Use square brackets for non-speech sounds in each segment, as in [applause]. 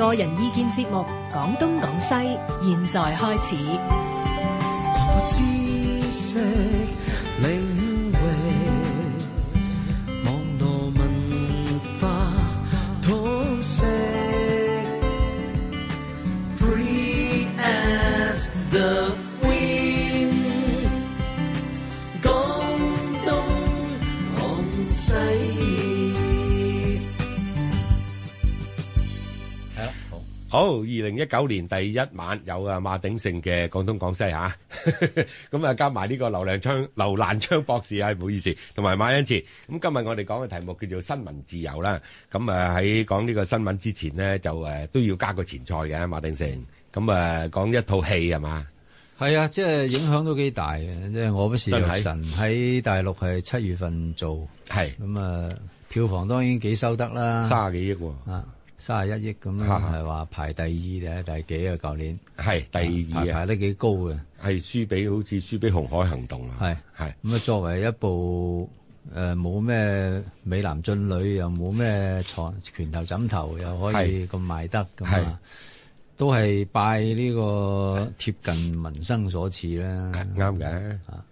個人意見節目《講東講西》，現在開始。一九年第一晚有啊馬鼎盛嘅廣東廣西吓，咁啊加埋呢個劉亮昌劉瀾昌博士啊，唔好意思，同埋馬恩賜。咁今日我哋講嘅題目叫做新聞自由啦。咁啊喺講呢個新聞之前咧，就誒都要加個前菜嘅馬鼎盛。咁啊講一套戲係咪？係啊，即係影響都幾大嘅。即係我不是藥神喺大陸係七月份做，係咁啊票房當然幾收得啦，卅幾億啊。三十一億咁咯，係話排第二嘅，係、啊、第幾啊？舊年係第二排，排得幾高嘅。係輸俾好似輸俾《紅海行動》啊。係係咁啊！作為一部誒冇咩美男俊女，又冇咩床拳頭枕頭，又可以咁賣得咁啊，都係拜呢個貼近民生所賜啦。啱嘅啊！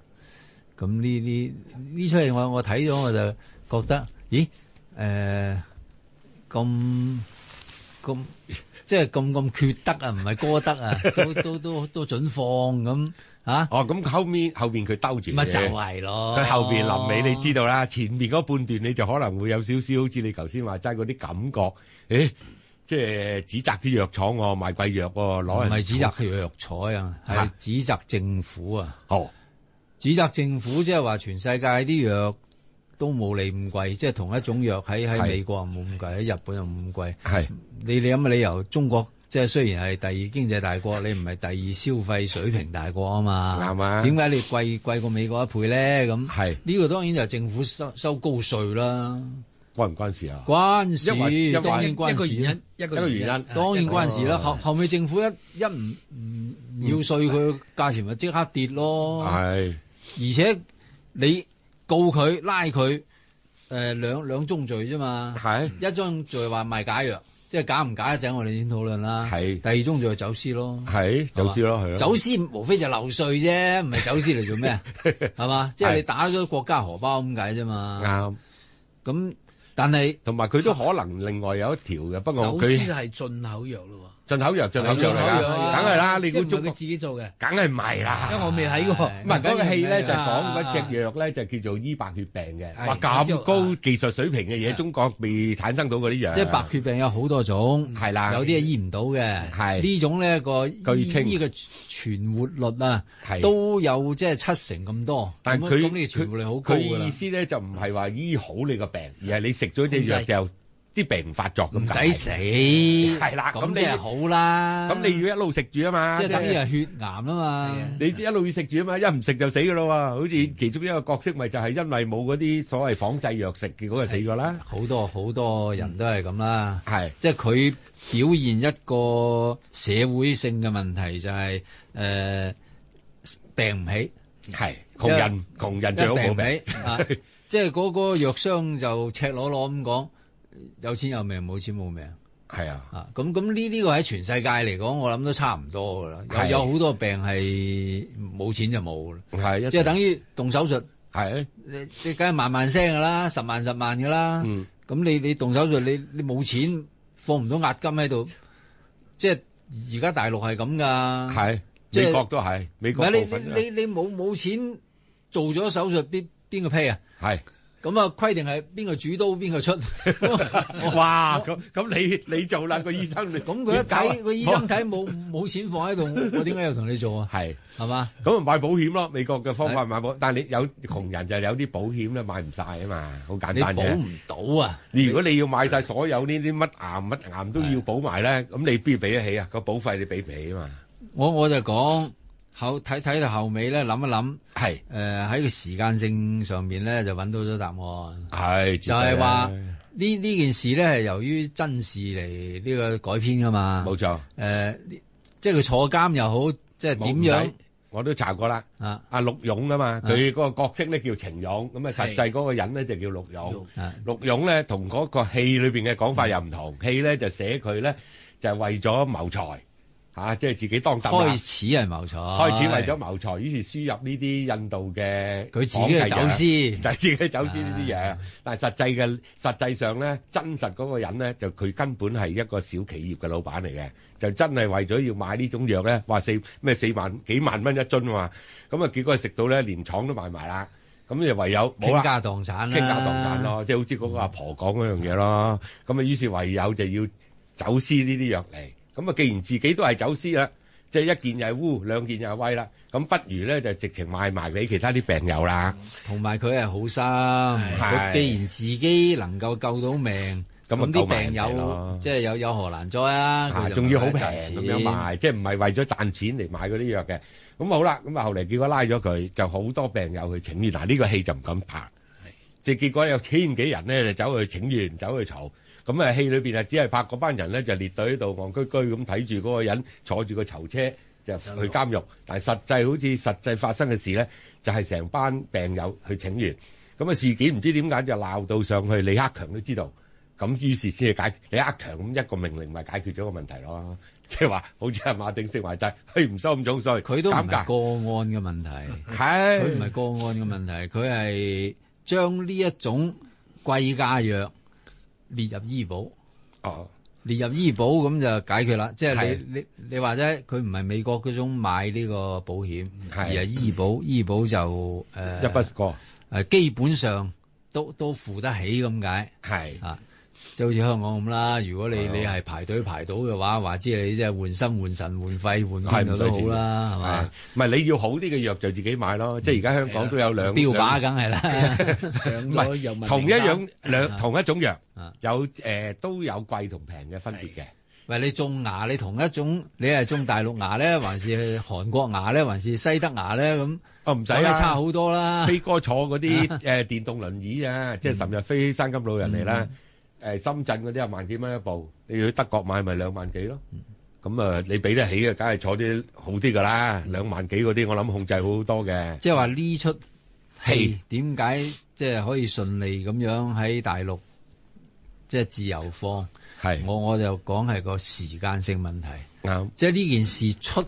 咁呢啲呢出戲我我睇咗我就覺得，咦誒咁。呃咁即係咁咁缺德啊，唔係歌德啊，都 [laughs] 都都都准放咁啊？哦，咁後面後面佢兜住咪就係咯。佢後邊臨尾你知道啦，哦、前面嗰半段你就可能會有少少，好似你頭先話齋嗰啲感覺。誒、哎，即係指責啲藥廠喎，賣貴藥喎，攞唔係指責佢藥廠啊，係指責政府啊。哦、啊，指責政府即係話全世界啲藥，都冇你咁貴，即係同一種藥喺喺美國冇咁貴，喺日本又冇咁貴。係你你諗嘅理由，中國即係雖然係第二經濟大國， [laughs] 你唔係第二消費水平大國啊嘛。啱啊。點解你貴貴過美國一倍咧？咁係呢個當然就政府收收高稅啦。關唔關事啊？關事，當然關事，一個原因，一個原因，當然關事啦。後後尾政府一一唔唔、嗯、要稅，佢價錢咪即刻跌咯。係，而且你。告佢拉佢，誒，兩兩宗罪啫嘛，係一宗罪話賣假藥，即係假唔假一陣我哋先討論啦，係第二宗罪就係走私咯，係走私咯係咯，走私無非就漏稅啫，唔係走私嚟做咩？係嘛，即係你打咗國家荷包咁解啫嘛，啱。咁但係同埋佢都可能另外有一條嘅，不過走私係進口藥咯。進口藥，進口藥，進口藥，梗係啦！即係佢自己做嘅，梗係唔係啦。因為我未睇過唔係嗰個戲咧、啊，就講嗰隻藥咧，就叫做醫白血病嘅。話咁高技術水平嘅嘢，中國未產生到嗰啲藥。即係白血病有好多種，係啦，有啲係醫唔到嘅。係呢種呢個據稱醫醫嘅存活率啊，都有即係七成咁多。但係佢呢個存活率好高嘅啦。佢意思咧就唔係話醫好你個病，而係你食咗隻藥就。啲病唔發作咁，唔使死，係啦，咁你就好啦。咁你要一路食住啊嘛，即係等於係血癌啊嘛。你一路要食住啊嘛，一唔食就死噶啦。好似其中一個角色，咪就係因為冇嗰啲所謂仿製藥食，結果就死咗啦。好多好多人都係咁啦，係即係佢表現一個社會性嘅問題，就係誒病唔起，係窮人窮人最好冇病，即係嗰個藥商就赤裸裸咁講。有錢有命，冇錢冇命，係啊，啊咁咁呢呢個喺全世界嚟講，我諗都差唔多噶啦，有有好多病係冇錢就冇啦，係即係等於動手術，係你你梗係萬萬聲噶啦，十萬十萬噶啦，咁你你動手術你你冇錢放唔到押金喺度，即係而家大陸係咁噶，係美國都係美國部分，唔係你你你冇冇錢做咗手術邊邊個批啊？係。咁啊，規定係邊個主刀邊個出？哇！咁咁你你做啦個醫生嚟。咁佢一睇個醫生睇冇冇錢放喺度，我點解要同你做啊？係係嘛？咁啊買保險咯，美國嘅方法買保。但係你有窮人就係有啲保險咧買唔晒啊嘛，好簡單啫。你保唔到啊？你如果你要買晒所有呢啲乜癌乜癌都要保埋咧，咁你邊俾得起啊？個保費你俾唔起啊嘛？我我就講。後睇睇到後尾咧，諗一諗，係誒喺個時間性上面咧就揾到咗答案，係就係話呢呢件事咧係由於真事嚟，呢個改編噶嘛，冇、嗯、錯，誒、呃、即係佢坐監又好，即係點樣我都查過啦，啊阿陸、啊、勇啊嘛，佢、啊、嗰個角色咧叫程勇，咁啊實際嗰個人咧就叫陸勇，陸、啊、勇咧同嗰個戲裏邊嘅講法又唔同，戲、嗯、咧就寫佢咧就係、為咗謀財。.啊！即係自己當頭開始係謀財，開始為咗謀財，於是輸入呢啲印度嘅佢自己嘅走私，就自己走私呢啲嘢。但係實際嘅實際上咧，真實嗰個人咧，就佢根本係一個小企業嘅老闆嚟嘅，就真係為咗要買呢種藥咧，話四咩四萬幾萬蚊一樽啊嘛。咁啊，結果食到咧，連廠都賣埋啦。咁就唯有傾家蕩產啦，傾家蕩產咯，即係好似嗰個阿婆講嗰樣嘢咯。咁、嗯、啊，於是唯有就要走私呢啲藥嚟。咁啊，既然自己都係走私啦，即係一件又係污，兩件又係威啦，咁不如咧就直情賣埋俾其他啲病友啦。同埋佢係好心，佢既然自己能夠救到命，咁啲病友即係有有何難哉啊？仲要好平咁樣賣，即係唔係為咗賺錢嚟買嗰啲藥嘅。咁好啦，咁啊後嚟結果拉咗佢，就好多病友去請願，嗱呢個戲就唔敢拍。即係結果有千幾人咧，就走去請願，走去嘈。咁啊，戲裏邊啊，只係拍嗰班人咧就列隊喺度，戇居居咁睇住嗰個人坐住個囚車就去監獄，但係實際好似實際發生嘅事咧，就係成班病友去請願，咁啊，事件唔知點解就鬧到上去，李克強都知道。咁於是先係解李克強咁一個命令，咪解決咗個問題咯。即係話，好似阿馬鼎盛話齋佢唔收咁重稅。佢都唔係個案嘅問題，係佢唔係個案嘅問題，佢係將呢一種貴價藥。列入醫保，哦，列入醫保咁就解決啦。即、嗯、係、就是、你你你話啫佢唔係美國嗰種買呢個保險，而係醫保、嗯，醫保就誒、呃、一筆過，誒，基本上都都付得起咁解。係啊。即係好似香港咁啦，如果你你係排隊排到嘅話，話知你即係換心換腎換肺換邊都好啦，係嘛？唔係你要好啲嘅藥就自己買咯。即係而家香港都有兩標靶，梗係啦。同一樣兩同一種藥有誒、呃、都有貴同平嘅分別嘅。喂，你種牙你同一種你係種大陸牙咧，還是韓國牙咧，還是西德牙咧咁？哦，唔使啦，差好多啦、啊。飛哥坐嗰啲誒電動輪椅啊，即係尋日飛起山金老人嚟啦。嗯誒深圳嗰啲一萬幾蚊一部，你要去德國買咪兩萬幾咯？咁、嗯、你俾得起嘅，梗係坐啲好啲噶啦。兩萬幾嗰啲，我諗控制好多嘅。即係話呢出戲點解即係可以順利咁樣喺大陸即係、就是、自由放？係我我就講係個時間性問題。即係呢件事出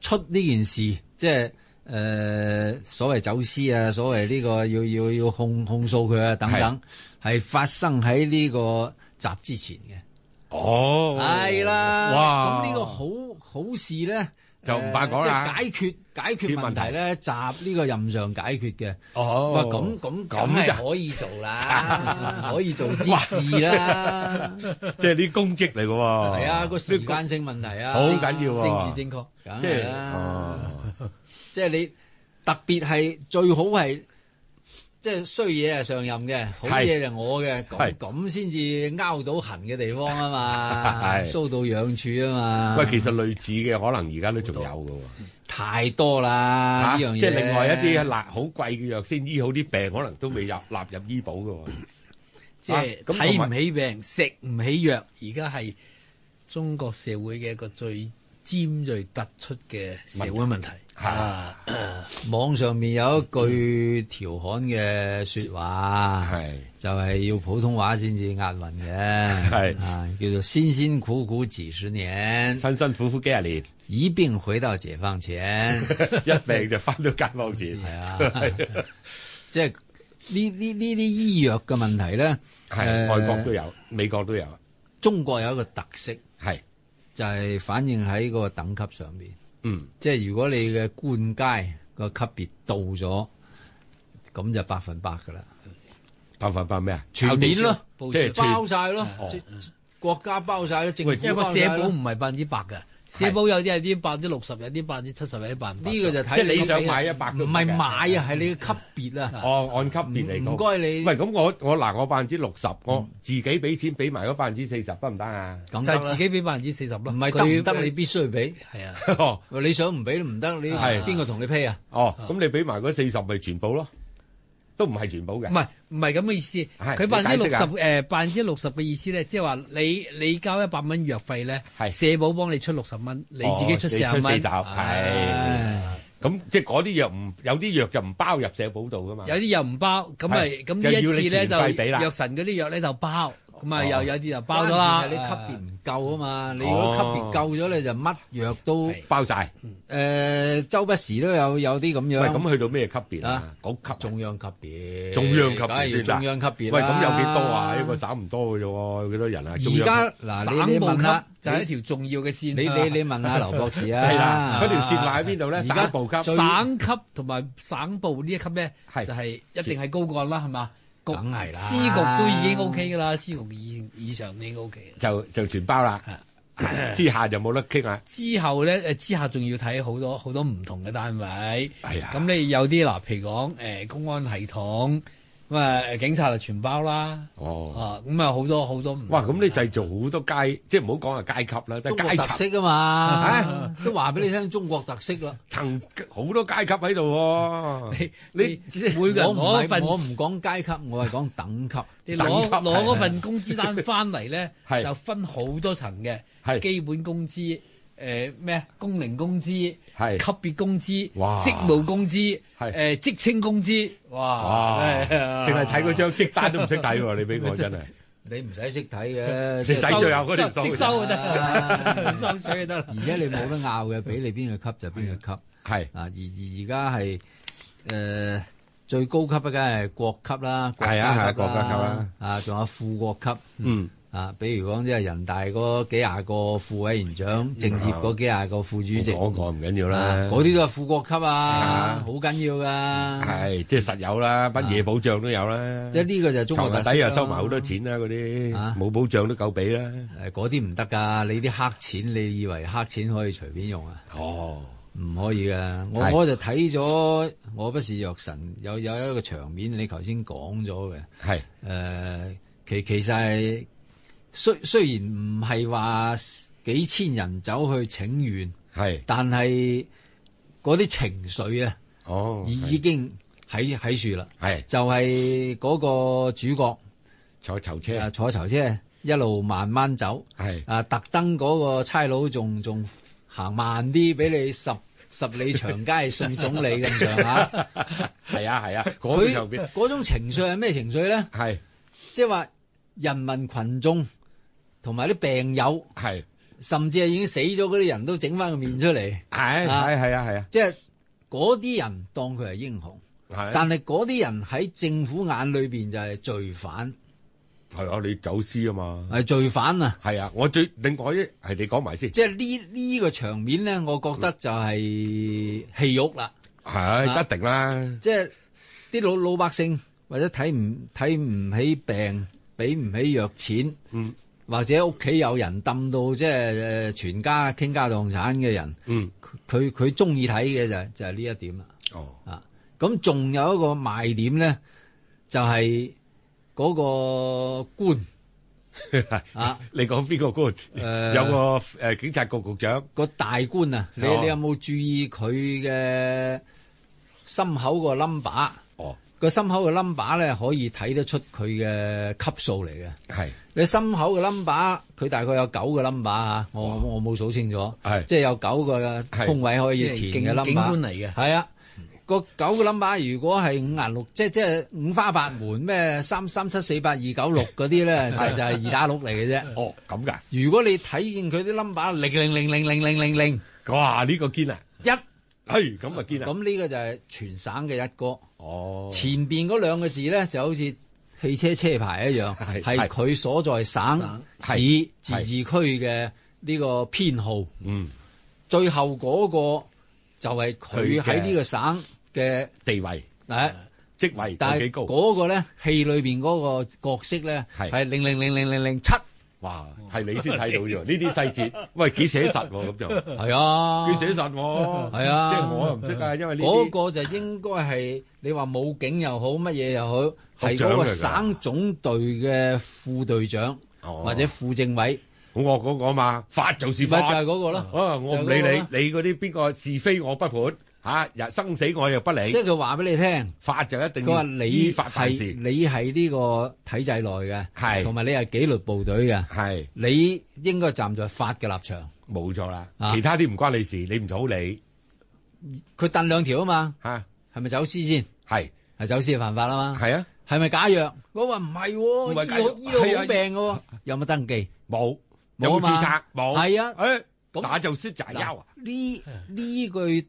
出呢件事即係。就是誒，所謂走私啊，所謂呢個要要要控控訴佢啊，等等，係發生喺呢個集之前嘅。哦，係啦，哇，咁呢個好好事咧，就唔怕講啦。即係解決解決問題咧，集呢個任上解決嘅。哦，哇，咁咁咁係可以做啦，可以做支持啦。即係啲功績嚟噶喎。係啊，個時間性問題啊，好緊要啊，政治正確，梗係啦。即、就、係、是、你特別係最好係，即係衰嘢係上任嘅，好嘢就我嘅，咁咁先至勾到痕嘅地方啊嘛，搔 [laughs] 到癢處啊嘛。喂，其實類似嘅可能而家都仲有噶，太多啦呢、啊、樣嘢。即係另外一啲辣好貴嘅藥，先醫好啲病，嗯，可能都未入納入醫保噶，嗯啊。即係睇唔起病，食，嗯，唔起藥，而家係中國社會嘅一個最。尖銳突出嘅社會問題，網、啊啊、網上面有一句調侃嘅說話，係、嗯、就係、是、要普通話先至押韻嘅，係、嗯啊、叫做辛辛苦苦幾十年，辛辛苦苦幾廿年，一病回到解放前， [laughs] 一病就翻到解放前，係 [laughs] 是啊， [laughs] 即係呢呢呢啲醫藥嘅問題咧，係、啊呃、外國都有，美國都有，中國有一個特色係。就係、是、反映喺個等級上面，嗯，即係如果你嘅官階個級別到咗，咁就百分百噶啦，百分百咩啊？全面咯，即係、就是、包曬咯、哦，國家包晒咯，政府包晒咯，社保唔係百分之百嘅。社保有啲係啲百分之六十，有啲百分之七十，有啲百分。呢個就睇你想買一百都唔係買啊，係你級別啊。哦，按級別嚟。唔該你。唔係，咁我我嗱，我百分之六十，我自己俾錢俾埋嗰百分之四十，得唔得啊？就係自己俾百分之四十咯。唔係得，得你必須要俾。係啊。哦，你想唔俾都唔得？你係邊個同你批啊？哦，咁你俾埋嗰四十咪全部咯。都唔係全保嘅，唔係唔係咁嘅意思。佢百分之六十，誒、啊，百分之六十嘅意思咧，即係話你你交一百蚊藥費咧，社保幫你出六十蚊，你自己出四十蚊。係咁，即係嗰啲藥唔有啲藥就唔包入社保度噶嘛。有啲藥唔包，咁咪咁呢一次咧就藥神嗰啲藥咧就包。唔係又有啲就包咗啦，你級別唔夠啊嘛！你如果級別夠咗咧，就乜藥都包曬。誒，周不時都有有啲咁樣。喂，咁去到咩級別啊？局級、中央級別、中央級別先啦。中央級別啦。喂，咁有幾多啊？一個省唔多嘅啫喎，幾多人啊？而家嗱，省部級，就係一條重要嘅線。你你你問下劉博士啊，嗰條線喺邊度咧？省部級。省級同埋省部呢一級咧，就係一定係高幹啦，係嘛？梗係啦，司局都已經 O K 噶啦，司、啊、局以以上已經 O、OK、K，就就全包啦、 [laughs] 啊，之下就冇得傾啦。之後咧，誒，之下仲要睇好多好多唔同嘅單位，咁、哎、你有啲嗱，譬如講誒、呃、公安系統。咁啊，警察就全包啦。哦，咁啊，好多好多唔。哇，咁你製造好多階，即係唔好講係階級啦，都係階層式啊嘛，都話俾你聽中國特色啦，層好多階級喺度喎。你你會我唔我唔講階級，我係講等， [laughs] 等級。你攞攞嗰份工資單翻嚟咧，就分好多層嘅基本工資。誒、呃、咩工齡工資、係級別工資、哇職務工資、係誒職稱工資、哇哇，淨係睇嗰張職單都唔識睇喎！ [laughs] 你俾我真係， [laughs] 你唔使識睇嘅， [laughs] 你睇最後嗰條數，收就得啦，啊、 [laughs] 收水就得啦。而 [laughs] 且你冇得拗嘅，俾你邊個級就邊個級。係啊,啊，而而而家係誒最高級,級,級啊，梗係、啊、國級啦，係啊係國家級啦，啊仲有副國級嗯。嗯啊，比如講即係人大嗰幾廿個副委員長，嗯嗯、政協嗰幾廿個副主席，講講唔緊要啦。嗰、啊、啲都係副國級啊，好、啊、緊要㗎。係，即係實有啦，乜、啊、嘢保障都有啦。即係呢個就係中國特色啊，底下收埋好多錢啦、啊，嗰啲冇保障都夠俾啦。嗰啲唔得㗎，你啲黑錢，你以為黑錢可以隨便用啊？哦，唔可以㗎。我我就睇咗，我不是藥神，有有一個場面你剛才，你頭先講咗嘅。係、呃、誒，其其實雖雖然唔係話幾千人走去請願，係，但係嗰啲情緒啊，哦，已經喺喺樹啦，係，就係、係、嗰個主角坐囚車，啊、坐囚車一路慢慢走，係，啊特登嗰個差佬仲仲行慢啲，俾你十十里長街送總理咁上下，係啊係啊，嗰邊嗰種情緒係咩情緒咧？係，即係話人民群眾。同埋啲病友，係、啊、甚至係已經死咗嗰啲人都整翻個面出嚟，係係係啊係啊，即係嗰啲人當佢係英雄，啊、但係嗰啲人喺政府眼裏面就係罪犯，係啊，你走私啊嘛，係罪犯啊，係啊，我最另外一係你講埋先，即係呢呢個場面咧，我覺得就係戲肉啦，係一、啊啊、定啦，即係啲老老百姓或者睇唔睇唔起病，俾唔起藥錢，嗯。或者屋企有人抌到即係全家傾家蕩產嘅人，佢佢佢中意睇嘅就係、就係、係、呢一點啦，哦。啊，咁仲有一個賣點咧，就係嗰個官啊！你講邊個官？誒、 [laughs] 啊，有個誒警察局局長、個大官啊！你、哦、你有冇注意佢嘅心口個 number？個心口嘅 number 咧，可以睇得出佢嘅級數嚟嘅。係你心口嘅 number，佢大概有九個 number 吓，我我冇數清楚。係即係有九個嘅空位可以填嘅 number。警官嚟嘅係啊，個九個 number 如果係五顏六，即即係五花八門咩三三七四八二九六嗰啲咧，就就係二打六嚟嘅啫。哦，咁噶？如果你睇見佢啲 number 零零零零零零零零，哇呢個堅啊一，係咁啊堅啊！咁呢個就係全省嘅一哥。哦，前邊嗰兩個字咧，就好似汽車車牌一樣，係佢所在省、省市自治區嘅呢個編號。嗯，最後嗰個就係佢喺呢個省嘅地位，誒，職位。但係嗰個個咧戲裏邊嗰個角色咧，係零零零零零零七。是是0007。哇，係你先睇到啫喎！呢啲細節，喂，幾寫實喎？咁就係啊，幾寫實喎？係啊，即係我唔識㗎，因為嗰個就應該係你話武警又好，乜嘢又好，係嗰個省總隊嘅副隊長或者副政委，好，我講嘛，法就是法就係嗰個啦。啊，我唔理你，你嗰啲邊個是非我不判。吓，生死我又不理。即係佢話俾你聽，法就一定。佢話你依法辦事，係，你係呢個體制內嘅，係，同埋你係紀律部隊嘅，係。你應該站在法嘅立場。冇錯啦，其他啲唔關你事，你唔好理。佢掟兩條啊嘛，吓，係咪走私先？係，係走私就犯法啦嘛。係啊，係咪假藥？我話唔係，醫好醫到好病嘅，有冇登記？冇，有冇注冊？冇。係啊，誒，打就輸就休啊。呢，呢句。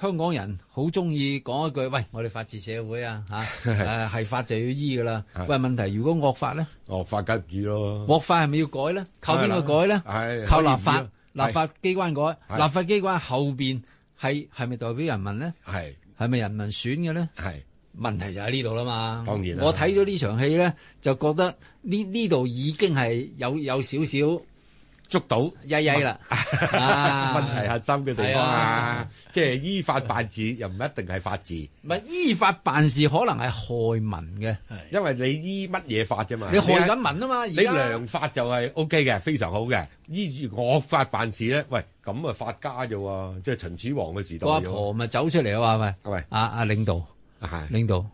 香港人好中意講一句，喂，我哋法治社會啊，嚇、 [laughs] 啊，誒係法就要依㗎喇。喂，問題如果惡法咧，惡法梗係唔依咯。惡法係咪要改咧？靠邊個改咧？靠立法，立法機關改。立法機關後邊係係咪代表人民呢？係係咪人民選嘅呢？係問題就喺呢度啦嘛。當然啦，我睇咗呢場戲咧，就覺得呢呢度已經係有有少少。捉到，曳曳啦！嗯嗯啊、 [laughs] 問題核心嘅地方是啊，即、就、係、是、依法辦事又唔一定係法治。唔係依法辦事可能係害民嘅，因為你依乜嘢法啫嘛？你害緊民啊嘛！你良法就係 OK 嘅，非常好嘅。依住惡法辦事咧，喂，咁啊法家啫喎！即、就、係、是、秦始皇嘅時代。我阿婆咪走出嚟啊嘛，咪啊啊領導，領導，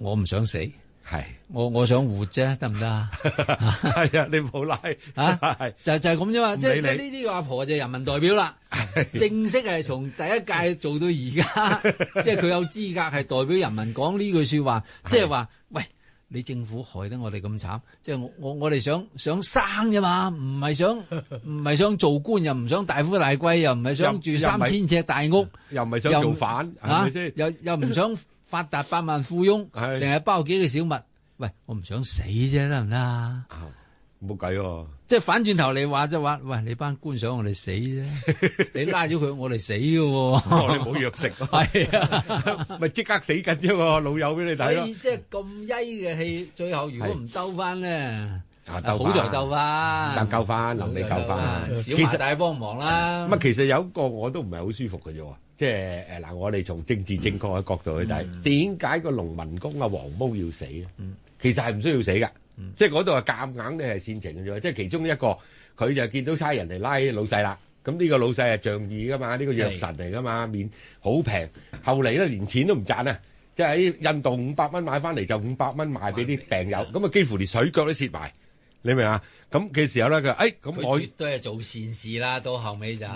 我唔想死。係我我想活啫，得唔得啊？係啊，你唔好拉啊，就是、就係咁啫嘛！即即呢啲、這個阿婆就人民代表啦， [laughs] 正式係從第一屆做到而家， [laughs] 即係佢有資格係代表人民講呢句說話。 [laughs] 即係話，喂，你政府害得我哋咁慘，即係我我我哋想想生啫嘛，唔係想唔係想做官，又唔想大富大貴，又唔係想住三千尺大屋， [laughs] 又唔係想做反，係咪先、啊？又又唔想。 [laughs] 發達百萬富翁，定係包幾個小物？喂，我唔想死啫，得唔得啊？冇計喎！即係反轉頭你話，即係話，喂，你班官想我哋死啫、 [laughs] 啊哦？你拉咗佢，我哋死㗎喎！你冇藥食係咪即刻死緊啫？老友俾你睇咯！即係咁曳嘅戲，最後如果唔兜翻咧，啊啊、好在兜翻，兜翻，有能你兜翻、嗯啊，小幫、啊、其實大家幫忙啦。唔其實有一個我都唔係好舒服嘅啫喎。即係誒嗱，我哋從政治正確嘅角度去睇，點解個農民工阿黃毛要死咧？其實係唔需要死嘅，即係嗰度係夾硬咧係煽情嘅啫。即係其中一個，佢就見到差人嚟拉老細啦。咁呢個老細係仗義噶嘛，呢個藥神嚟噶嘛，面好平。後嚟咧連錢都唔賺啊！即係喺印度五百蚊買翻嚟就五百蚊賣俾啲病友，咁啊幾乎連水腳都蝕埋。你明啊？咁嘅時候咧，佢誒咁我，佢絕對係做善事啦。到後尾就。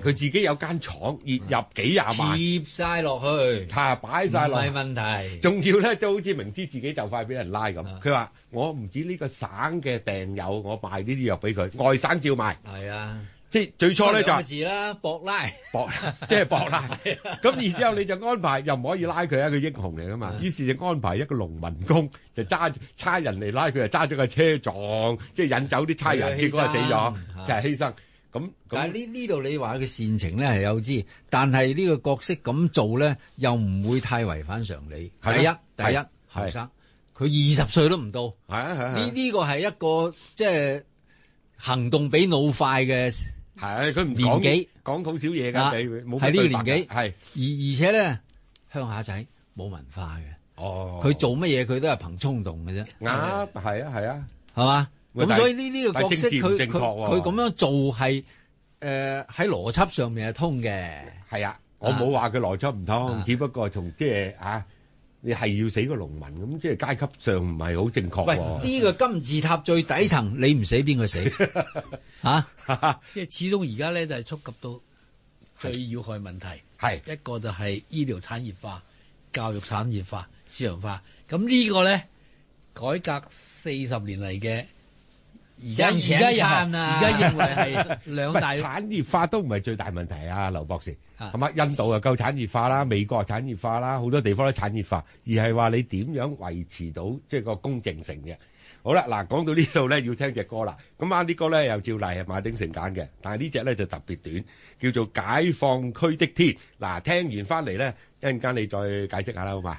佢自己有間廠，月入幾廿萬，貼晒落去，嚇擺晒落嚟，去問題，仲要咧都好似明知自己就快俾人拉咁。佢、啊、話：我唔止呢個省嘅病友，我賣呢啲藥俾佢，外省照賣。係啊，即最初咧就，字啦，博拉，就係、拉，即係博拉。咁然之後你就安排又唔可以拉佢啊，佢英雄嚟噶嘛。於是就安排一個農民工就揸差人嚟拉佢，就揸咗個車撞，即係引走啲差人，結果就死咗、啊、就係、係、犧牲。啊犧牲咁但係呢，呢度你話佢煽情咧係有之，但係呢個角色咁做咧又唔會太違反常理。第一，第一，後生，佢二十歲都唔到，係啊係啊，呢，呢個係一個即係行動比腦快嘅，係佢年紀講好少嘢噶，係呢個年紀係，而，而且咧鄉下仔冇文化嘅，哦，佢做乜嘢佢都係憑衝動嘅啫，啱係啊係啊，係嘛？咁所以呢？呢個角色佢佢佢咁樣做係誒喺邏輯上面係通嘅，係啊，我冇話佢邏輯唔通，啊、只不過從即係啊，你係要死個農民咁，即係階級上唔係好正確，啊。喂、呢、這個金字塔最底層，嗯、你唔死邊個死 [laughs] 啊？ [laughs] 即係始終而家咧就係，是，觸及到最要害問題，係一個就係醫療產業化、教育產業化、市場化。咁呢個咧改革四十年嚟嘅。而家而家又限啊！而家認為係兩大。不，產業化都唔係最大問題啊，劉博士。係嘛？印度又夠產業化啦，美國產業化啦，好多地方都產業化。而係話你點樣維持到即係個公正性嘅？好啦，嗱，講到呢度咧，要聽隻歌啦。咁啱啲歌咧，又照例係馬鼎盛揀嘅，但係呢隻咧就特別短，叫做《解放區的天》。嗱，聽完翻嚟咧，一陣間你再解釋下啦，好嘛？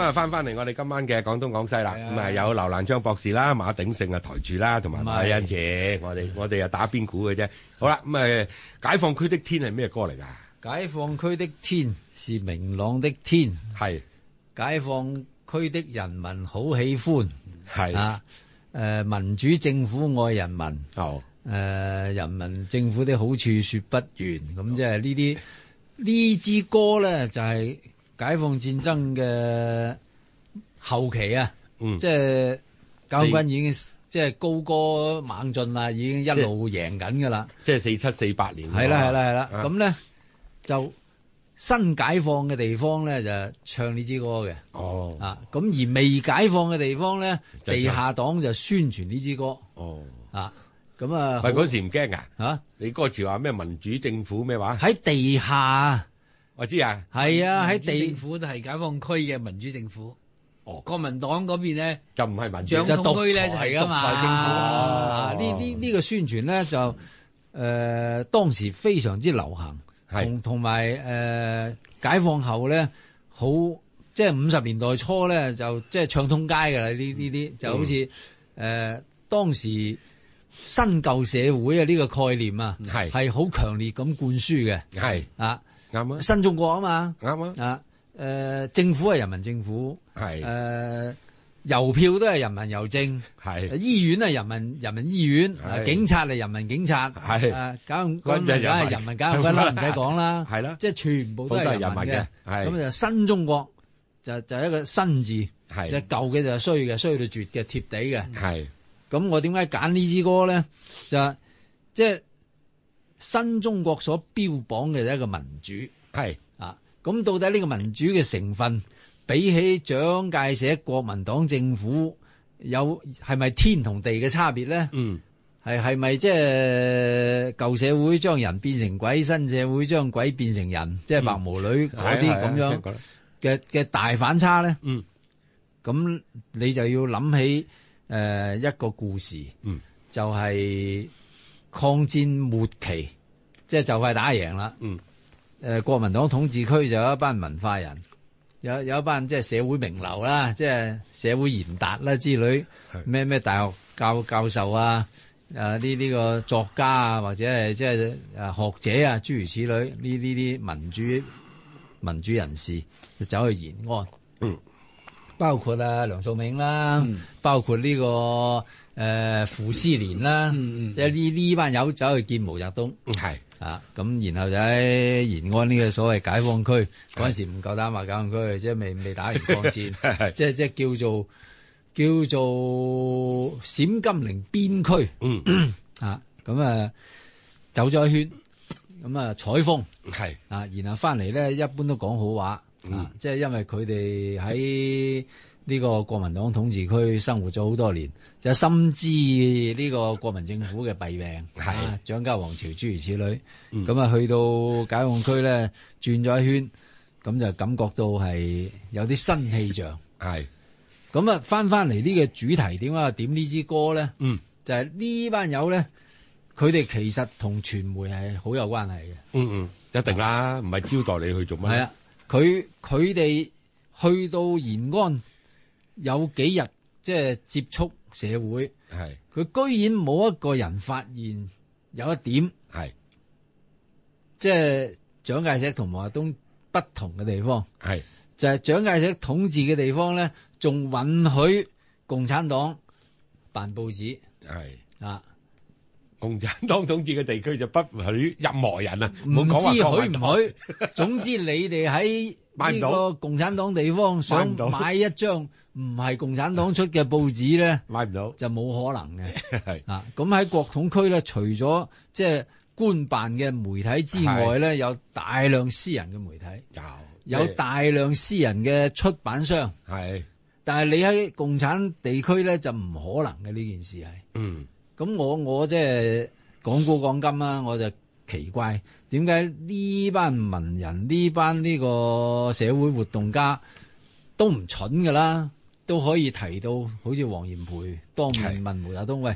咁啊，翻翻嚟我哋今晚嘅廣東廣西啦，咁啊有劉瀾昌博士啦，馬鼎盛啊台柱啦，同埋馬恩賜，我哋我哋啊打邊鼓嘅啫。好啦，咁啊、嗯，解放區的天係咩歌嚟噶解放區的天是明朗的天，係解放區的人民好喜歡，係啊，誒、呃，民主政府愛人民，哦，誒、呃，人民政府的好處說不完，咁即係呢啲呢支歌咧就係、是。解放戰爭嘅後期啊，嗯、即係解放軍已經即係高歌猛進啦，已經一路贏緊噶啦。即係四七四八年。係啦係啦係啦，咁咧、啊、就新解放嘅地方咧就唱呢支歌嘅。哦，啊，咁而未解放嘅地方咧，地下黨就宣傳呢支歌。哦，啊，咁啊。係嗰時唔驚噶。啊。你嗰時話咩民主政府咩話？喺地下。我知啊，係啊，喺地府都係解放區嘅民主政府。哦，國民黨嗰邊呢就唔係民主，區呢就獨裁，裁政府啊！呢呢呢個宣傳咧就誒、嗯呃，當時非常之流行，同同埋誒，解放後咧好即係五十年代初咧就即係暢通街噶啦，呢呢啲就好似誒、嗯呃，當時新舊社會啊呢個概念啊係係好強烈咁灌輸嘅係啊。啱新中國啊嘛，啱啊、呃！政府係人民政府，係誒、呃、郵票都係人民郵政，係醫院係人民人民醫院，係警察係人民警察，係啊，搞運搞運梗係人民，民，人民搞運啦，唔使講啦，係啦，即、就、係、是、全部都係人民嘅，咁就新中國就是、就是、一個新字，係、就是、舊嘅就係衰嘅，衰到絕嘅，貼地嘅，係咁我點解揀呢支歌咧？就即係。就是新中國所標榜嘅一個民主係啊，咁到底呢個民主嘅成分，比起蔣介石國民黨政府有係咪天同地嘅差別咧？嗯，係係咪即係舊社會將人變成鬼，新社會將鬼變成人，即係白毛女嗰啲咁樣嘅嘅、啊、大反差咧？嗯，咁你就要諗起誒、呃、一個故事，嗯，就係、是。抗戰末期，即係就是，快打贏啦。嗯。誒、呃，國民黨統治區就有一班文化人，有有一班即係社會名流啦，即、就、係、是、社會賢達啦之類，咩咩大學教教授啊，誒呢呢個作家啊，或者係即係誒學者啊，諸如此類，呢呢啲民主民主人士就走去延安。嗯。包括啊，梁漱溟啦、啊嗯，包括呢、這個。誒、呃、傅斯年啦，即係呢呢班友走去見毛澤東，係啊咁，然後就喺延安呢個所謂解放區嗰陣時唔夠膽話解放區，即係未未打完抗戰，即即叫做叫做陝甘寧邊區，嗯啊咁啊走咗一圈，咁啊採風，係啊，然後翻嚟咧一般都講好話、嗯，啊，即係因為佢哋喺。呢、這個國民黨統治區生活咗好多年，就深知呢個國民政府嘅弊病，係蔣、啊、家王朝諸如此類，咁、嗯、啊去到解放區咧，轉咗一圈，咁就感覺到係有啲新氣象。係，咁啊翻翻嚟呢個主題為什麼點解點呢支歌咧？嗯，就係、是、呢班友咧，佢哋其實同傳媒係好有關係嘅。嗯嗯，一定啦、啊，唔、啊、係招待你去做乜？係啊，佢佢哋去到延安。有幾日即係接觸社會，係佢居然冇一個人發現有一點，係即係蔣介石同毛澤東不同嘅地方，係就係蔣介石統治嘅地方咧，仲允許共產黨辦報紙，係啊。共產黨統治嘅地區就不許任何人啊，唔知許唔許。總之你哋喺呢個共產黨地方想買一張唔係共產黨出嘅報紙咧，買唔到，就冇可能嘅。係啊，咁喺國統區咧，除咗即係官辦嘅媒體之外咧，有大量私人嘅媒體，有有大量私人嘅出版商係。但係你喺共產地區咧，就唔可能嘅呢件事係。嗯。咁我我即係講古講今啦，我就，是講講啊、我就奇怪點解呢班文人呢班呢個社會活動家都唔蠢噶啦，都可以提到好似黃炎培當面問毛澤東：喂，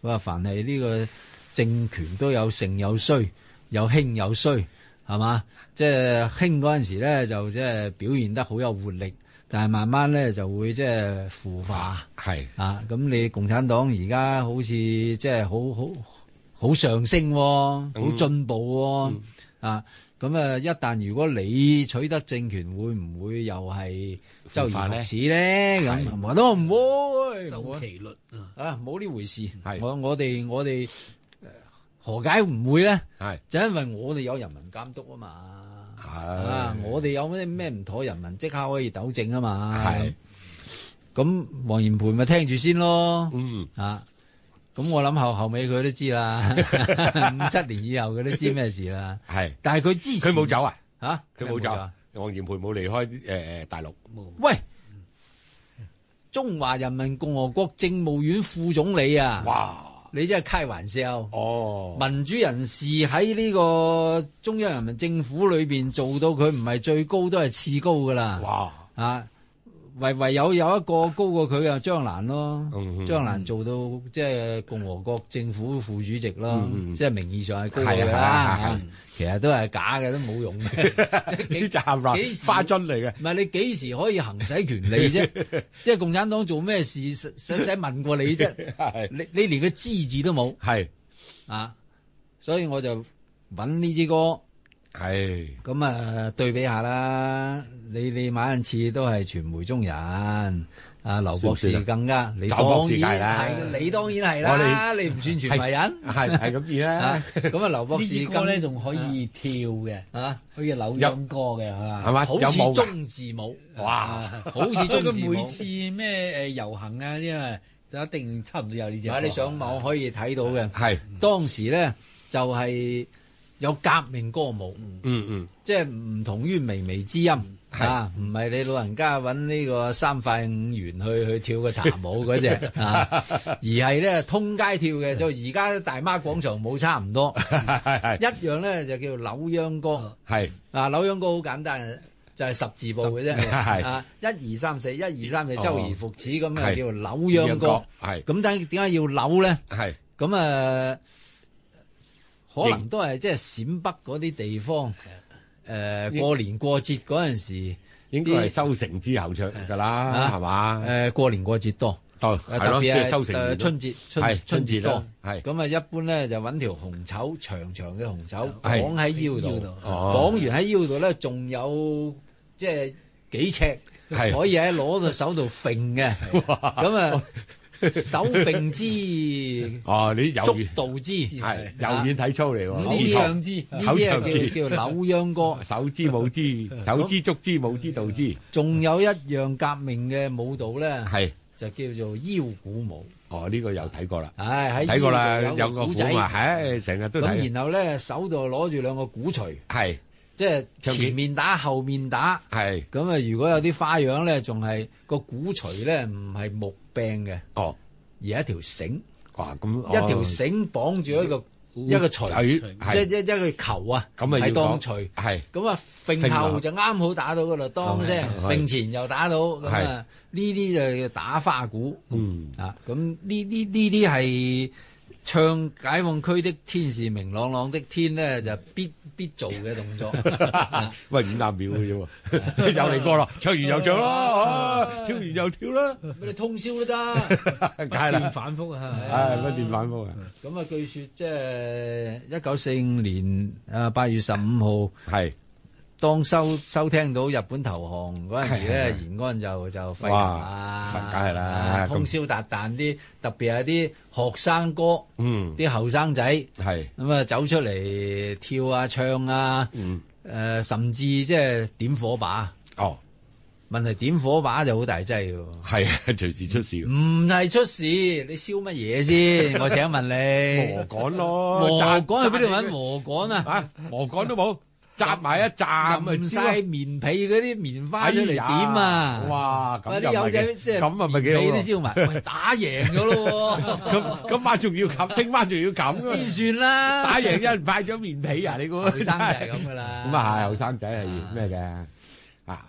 佢話凡係呢個政權都有盛有衰，有興有衰，係嘛？即係興嗰陣時咧，就即、是、係表現得好有活力。但係慢慢咧就會即係腐化，係啊，咁你共產黨而家好似即係好好好上升，啊，好、嗯、進步啊咁，嗯、啊！一旦如果你取得政權，會唔會又係周而復始咧？咁我都唔會就其律啊！冇呢回事，我我哋我哋、呃、何解唔會咧？係就因為我哋有人民監督啊嘛。哎、啊！我哋有咩咩唔妥，人民即刻可以糾正啊嘛。係咁，啊、黃炎培咪聽住先咯。嗯啊，咁我諗後來後尾佢都知啦。 [laughs] 五七年以後佢都知咩事啦。係，但係佢之前佢冇走啊，吓佢冇走。啊黃炎培冇離開誒誒、呃、大陸。喂，中華人民共和國政務院副總理啊！哇！你真係開玩笑，哦、oh.！民主人士喺呢個中央人民政府裏邊做到佢唔係最高都係次高㗎喇，哇、wow.！啊！唯唯有有一個高過佢嘅張瀾咯、嗯，張瀾做到即係、嗯就是、共和國政府副主席啦、嗯，即係名義上係高嘅啦。其實都係假嘅，都冇用嘅。幾扎 r o c 花瓶嚟嘅？唔係你幾時可以行使權利啫？ [laughs] 即係共產黨做咩事，使使問過你啫？ [laughs] 你你連個諮字都冇，係啊，所以我就揾呢支歌。係咁啊！對比下啦，你你馬恩賜都係傳媒中人，啊劉博士更加，你當然係啦，你當然係啦，你唔算傳媒人，係係咁意啦。咁啊，劉博士今咧仲可以跳嘅，啊可以扭秧歌嘅，係嘛？好似忠字舞，哇，好似忠字舞。佢每次咩誒遊行啊啲啊，就一定差唔多有呢隻。係你上網可以睇到嘅，係當時咧就係。有革命歌舞，嗯嗯，即係唔同於微微之音，吓唔係你老人家揾呢個三塊五元去去跳個茶舞嗰隻、 [laughs] 啊，而係咧通街跳嘅，就而家大媽廣場舞差唔多、嗯，一樣咧就叫扭秧歌，係啊扭秧歌好簡單，就係、是、十字步嘅啫，啊一二三四，一二三四，哦、周而復始咁樣，叫扭秧歌，係咁，點點解要扭咧？係咁啊可能都係即係陝北嗰啲地方，誒、呃、過年過節嗰陣時，應該係收成之後出嚟㗎啦，係、啊、嘛？誒過年過節多，多係咯，即係收成、啊。春節春春節多，係咁啊！一般咧就揾條紅綢長長嘅紅綢綁喺腰度，綁、哦、完喺腰度咧，仲有即係幾尺，可以喺攞隻手度揈嘅，咁 [laughs] 啊～那 [laughs] 手馭之 [laughs] 哦，你足蹈之係柔軟體操嚟喎，手兩支，叫扭秧歌，手之舞之， [laughs] 手之足之舞之蹈之。仲、嗯、有一樣革命嘅舞蹈咧，係就叫做腰鼓舞。哦，呢、這個又睇過啦，唉，睇過啦，有個鼓仔，係成日都咁。然後咧手度攞住兩個鼓槌，係即係前面打，後面打，係咁啊！如果有啲花樣咧，仲係個鼓槌咧唔係木。病嘅，而一條繩，哇、哦！咁一條繩綁住一個、嗯嗯、一個錘，即係一個個球啊，咁啊當錘，係咁啊揈後就啱好打到噶啦，當聲揈前又打到，咁啊呢啲就打花鼓，嗯啊，咁呢啲呢啲係。唱《解放區的天》是明朗朗的天呢，就是、必必做嘅動作。 [laughs] 喂，五十秒嘅啫喎，又 [laughs] 嚟過咯， [laughs] 唱完又唱咯、 [laughs] 啊，跳完又跳啦，咁 [laughs] 你通宵都得、啊，係 [laughs] 啦，不斷反覆啊，係 [laughs] 乜、啊？啊、反覆啊，咁啊，據説即係一九四五年啊八月十五號係。 [laughs] 當收收聽到日本投降嗰陣時咧，延安就就沸騰啊！梗係啦，通宵達旦啲，特別係啲學生哥，嗯，啲後生仔，係咁啊，走出嚟跳啊、唱啊，誒，甚至即係點火把。哦，問題點火把就好大劑喎。係啊，隨時出事。唔係出事，你燒乜嘢先？我請問你。禾稈咯，禾稈去邊度揾禾稈啊？嚇，禾稈都冇。紮埋一紮，咁細棉被嗰啲棉花出嚟點、哎、啊？哇！咁有唔係咁啊咪幾好？打贏咗咯喎！咁今晚仲要冚，聽晚仲要冚先算啦！打贏人派咗棉被啊！你個後生仔係咁噶啦！咁啊係後生仔係咩嘅？啊，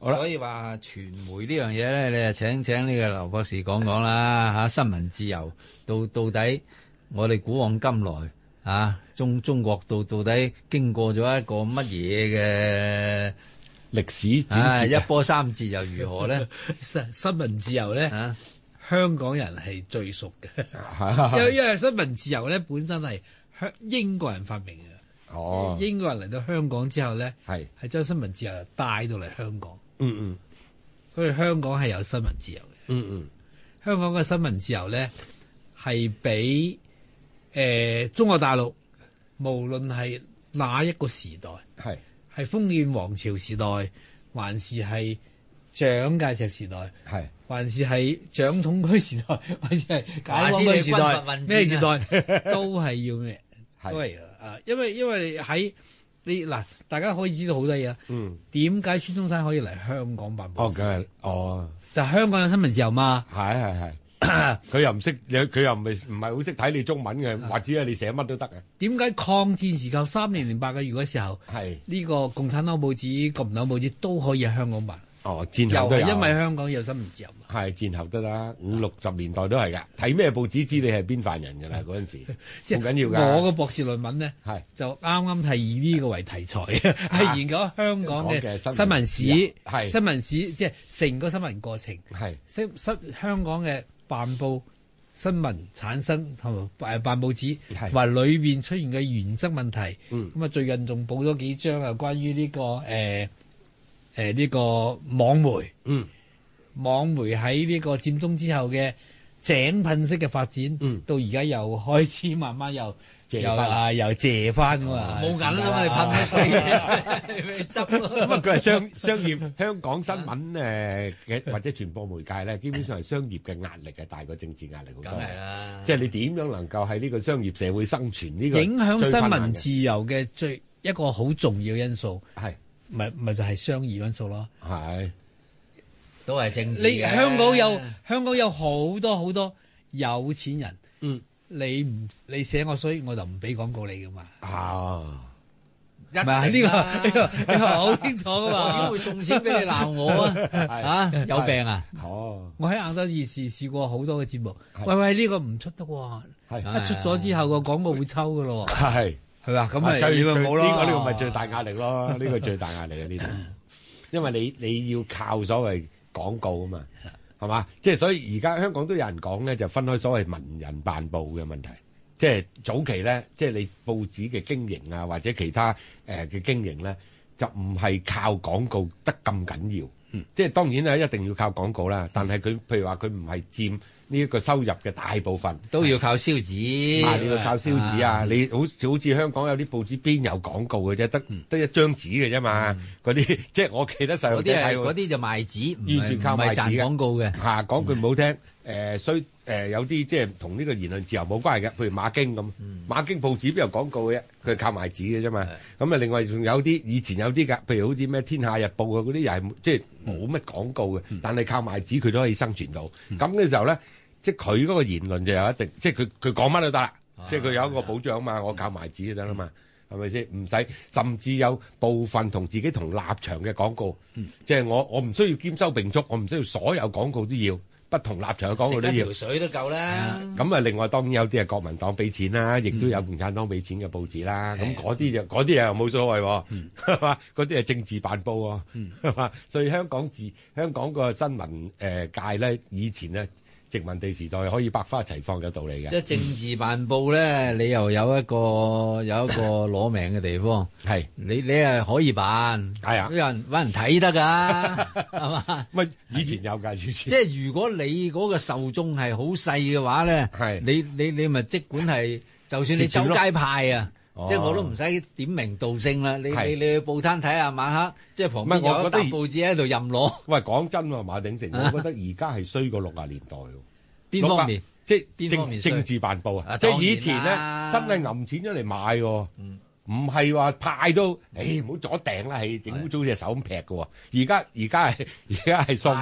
好 [laughs] 啦、啊，所以話傳媒呢樣嘢咧，你啊請請呢個劉博士講講啦嚇， [laughs] 新聞自由到到底我哋古往今來，啊！中中國到到底經過咗一個乜嘢嘅歷史轉，一波三折又如何咧，啊？新新聞自由咧，啊，香港人係最熟嘅，因因為新聞自由咧本身係香英國人發明嘅，哦，英國人嚟到香港之後咧，係係將新聞自由帶到嚟香港。嗯嗯，所以香港係有新聞自由嘅。嗯嗯，香港嘅新聞自由咧係俾。誒、呃，中國大陸無論係哪一個時代，係係封建皇朝時代，還是係蔣介石時代，係還是係蔣統區時代，或者係解放軍時代，咩、啊、 [laughs] 時代都係要咩，都係啊！因為因為喺你嗱，大家可以知道好多嘢啊。嗯，點解孫中山可以嚟香港辦報紙？哦、okay. oh.，就香港有新聞自由嘛？係係係。佢 [coughs] 又唔識，佢又唔係唔係好識睇你中文嘅，或者係你寫乜都得嘅。點解抗戰時候三年零八個月嗰時候，係呢、這個共產黨報紙、國民黨報紙都可以喺香港辦？哦，戰後因為香港有新聞自由。係戰後得啦，五六十年代都係嘅。睇咩報紙知你係邊犯人噶啦？嗰陣時，唔緊 [coughs] 要噶。我個博士論文呢，係就啱啱係以呢個為題材，係、啊、研究香港嘅新聞史，係新聞史即係成個新聞過程，係新新香港嘅。辦報新聞產生同埋誒、啊、辦報紙，話裏面出現嘅原則問題。咁、嗯、啊最近仲報咗幾張啊，關於呢、呢個誒誒呢個網媒。嗯、網媒喺呢個佔中之後嘅井噴式嘅發展，嗯、到而家又開始慢慢又。又啊，又借翻嘛？冇緊啦，我哋噴乜鬼嘢？執咁啊！佢係商商業香港新聞誒嘅或者傳播媒介咧，基本上係商業嘅壓力嘅大過政治壓力好多。咁係啦，即係你點樣能夠喺呢個商業社會生存呢個？影響新聞自由嘅最一個好重要因素係咪咪就係商業因素咯？係都係政治。你香港有香港有好多好多有錢人，嗯。你唔你寫我衰，我就唔俾廣告你噶嘛。哦、啊，唔係呢個呢、這個好 [laughs] 清楚噶嘛，點會送錢俾你鬧我啊？嚇、 [laughs] [laughs] [laughs] 啊、有病啊！哦，我喺亞洲電視試過好多嘅節目。喂喂，呢、這個唔出得喎、啊，一出咗之後個廣告會抽噶咯。係係嘛，咁咪就呢、這個冇咯。呢個呢個咪最大壓力咯，呢 [laughs] 個最大壓力喺呢度， [laughs] 因為你你要靠所謂廣告啊嘛。係嘛？即係所以而家香港都有人講咧，就分開所謂文人辦報嘅問題。即係早期咧，即係你報紙嘅經營啊，或者其他誒嘅、呃、經營咧，就唔係靠廣告得咁緊要。嗯，即係當然咧，一定要靠廣告啦。但係佢譬如話佢唔係佔。呢、這、一個收入嘅大部分都要靠燒紙，賣、啊、你要靠燒紙啊，啊！你好好似香港有啲報紙邊有廣告嘅啫，得得、嗯、一張紙嘅啫嘛。嗰、嗯、啲即係我記得細個嗰啲係啲就賣紙，完全靠賣紙嘅，唔係賺廣告嘅。嚇、啊，講句唔好聽，誒衰誒有啲即係同呢個言論自由冇關係嘅，譬如馬經、嗯《馬經》咁，《馬經》報紙邊有廣告嘅啫，佢靠賣紙嘅啫嘛。咁、嗯、啊、嗯，另外仲有啲以前有啲噶，譬如好似咩《天下日報》啊，嗰啲又係即係冇乜廣告嘅、嗯，但係靠賣紙佢都可以生存到。咁、嗯、嘅時候咧。即係佢嗰個言論就有一定，即係佢佢講乜都得啦、啊。即係佢有一個保障嘛，啊、我搞埋紙就得啦嘛，係咪先？唔使，甚至有部分同自己同立場嘅廣告，即、嗯、係、就是、我我唔需要兼收並蓄，我唔需要所有廣告都要不同立場嘅廣告都要。食一條水都夠啦。咁、嗯、啊，嗯、另外當然有啲係國民黨俾錢啦，亦都有共產黨俾錢嘅報紙啦。咁嗰啲就嗰啲又冇所謂，喎，嗰啲係政治版報喎，嗯、 [laughs] 所以香港自香港個新聞界咧、呃，以前咧。殖民地時代可以百花齊放嘅道理嘅，即係政治辦報咧，你又有一個有一個攞名嘅地方，係 [laughs] 你你係可以辦，係、哎、啊，有人揾人睇得㗎，係 [laughs] 嘛？唔係以前有㗎以前，即係如果你嗰個受眾係好細嘅話咧，係 [laughs] 你你你咪即管係，就算你走街派啊。哦、即係我都唔使點名道姓啦。你你去報攤睇下晚黑，即係旁邊有一沓報紙喺度任攞。喂，講真喎，馬鼎盛，我覺得而家係衰過六十年代喎。邊方面600，即係政治辦報啊，嗯哎、啊，啊，即係以前咧真係揞錢出嚟買喎，唔係話派都，誒唔好阻掟啦，係整污糟隻手咁劈嘅喎。而家而家係而家係送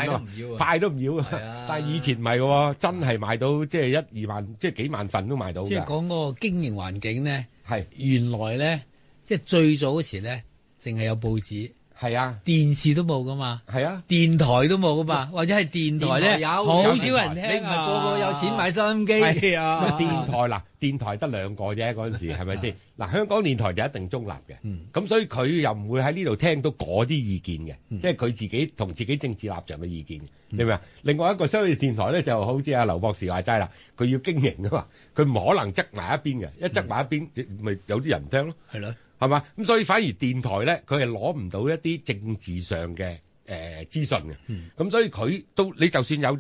派都唔要，但係以前唔係喎，真係買到即係一二萬，即係幾萬份都買到。即係講嗰個經營環境咧。係原來咧，即係最早的時咧，淨係有報紙。係啊，電視都冇噶嘛，係啊，電台都冇噶嘛，或者係電台咧，有好少人聽啊，你唔係個個有錢買收音機嘅啊？電台嗱，電台得兩個啫，嗰陣時係咪先？嗱，香港電台就一定中立嘅，咁所以佢又唔會喺呢度聽到嗰啲意見嘅，即係佢自己同自己政治立場嘅意見，明唔明啊？另外一個商業電台咧，就好似阿劉博士話齋啦，佢要經營噶嘛，佢唔可能側埋一邊嘅，一側埋一邊，咪有啲人唔聽咯，係咯。係嘛咁，所以反而電台咧，佢係攞唔到一啲政治上嘅誒資訊嘅。呃嗯、咁所以佢都你就算有。